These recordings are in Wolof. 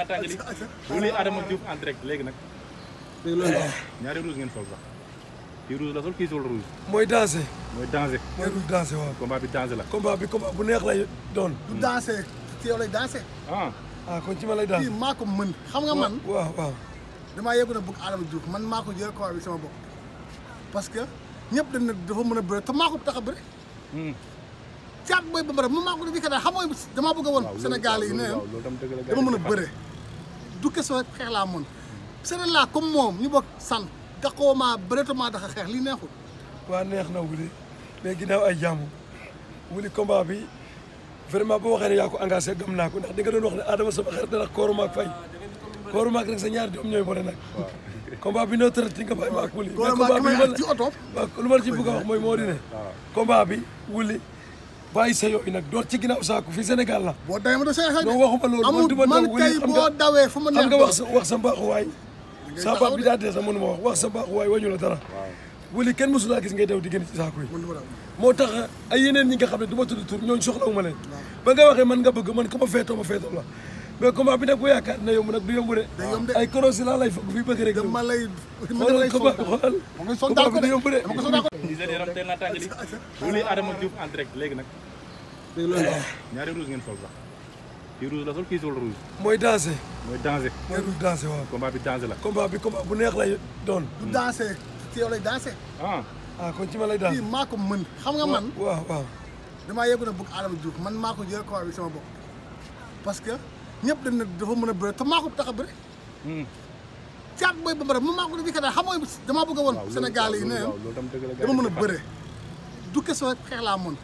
naa tàngali bu lii Adama Diouf léegi nag ñaari rouge ngeen sol la sol mooy dansé mooy dansé mooy rouge dansé waaw combat bi dansé la combat bi combat bu neex lay doon du dansé ci yow lay dansé ah, ah ma lay dansé kii mën xam nga man waaw waaw damaa yëgu na bëgg Adama Diouf man maa ko jël combat parce que ñëpp dañ ne dafa mën a bëre te maa ko tax a bëre hmm. caat booy bambara moom maa ko def xam nga damaa bëgg a woon ah, dama mën a du question xeex laa mën sereet laa comme moom ñu bokk sant daxoo maa bëreetuma daxa xeex li neexul waa neex na wuli mais ginnaaw ay jàmm wuli combat bi vraiment boo waxee ne yaa ko engagé gëm ko ndax di nga doon wax ne Adama sama xarit nag kooru maak fay kooru rek sa ñaar doom ñooy boole nag combat bi noo tëral di nga bàyyi maak wuli combat bi lu ma ci bëgg a wax mooy moo di ne combat bi wuli bàyyi sa yooyu nag door ci ginnaaw saako fii Sénégal la. boo waxuma loolu. man kay boo dawee fu mu neex nga wax sa wax sa mbaaxuwaay. sa baab bi daa dee sax mënuma wax wax sa mbaaxuwaay wañu la dara. wala kenn mësu laa gis ngay daw di génn ci saako yi. moo tax ay yeneen ñi nga xam ne du ma tudd tur ñooñu ma leen. ba nga waxee man nga bëgg man ku ma feetoo ma feetoo la mais combat bi nag bu yaakaar na yomb nag du yomb de. ay koros yi laa lay foog fii bëgg rek. dama lay dama lay foog xoolal combat bi du yomb de. Nigeria yaram teel naa tàngali bu lii Adama Diouf en direct léegi nag. dégg loolu ñaari rouge ngeen sol sax kii rouge la sol kii sol rouge. mooy dansé. mooy dansé. mooy rouge dansé waaw. combat bi dansé la. combat bi combat bu neex lay doon. du dansé ci yow lay dansé. ah ah kon ci ma lay dansé. kii maa ko mën xam nga man. waaw waaw. damaa yëgu na bëgg Adama Diouf man maa ko jël combat bi sama bopp parce que ñëpp dañ ne dafa mën a bëre te maa ko tax a bëre. Hmm. caat booy bambara moom maa ko def xam nga damaa bëgg a woon Sénégal yi ne dama mën a bëre. du question rek xeex laa mën.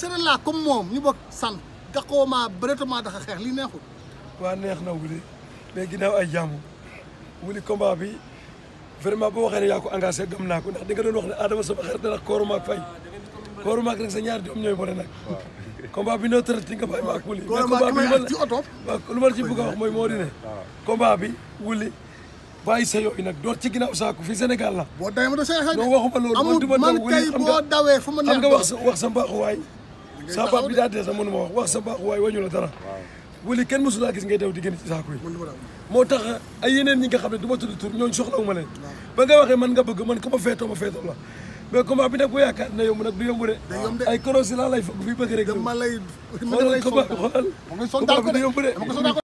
Sénégal laa comme moom ñu bokk sant daqoo maa bëre te maa daxa xeex lii neexul. waa neex na wuli mais ginnaaw ay jàmm wuli combat bi vraiment boo waxee ne yaa ko engagé naa ko ndax di nga doon wax ne Adama sama xarit la ndax Kooru Maak Faye ah, Kooru Maak nag sa ñaari doom ñooy boole nag. combat bi noo tërati nga bàyyi maak wuli mais combat bi man ci oto waaw lu ma la a wax mooy moo di ne ah. combat door ci ginnaaw saako fii Sénégal la boo waxuma loolu amul man kay boo dawee fu ma neex nga wax sa wax sa mbaaxuwaay sa baab bi daa dee sax mënu ma wax wax sa mbaaxuwaay wañu la dara wuli kenn mosu laa gis ngay daw di génn ci saako yi moo tax ay yeneen ñi nga xam ne du ma tudd tur ñooñu ma leen ba nga waxee man nga bëgg man ko ma feetoo ma feetoo la mais combat bi bu yaakaar yomb nag du yomb yomb de ay korosi laa lay fokk fii bëgg rek. dama lay dama lay sonn xoolal combat bi du yomb de.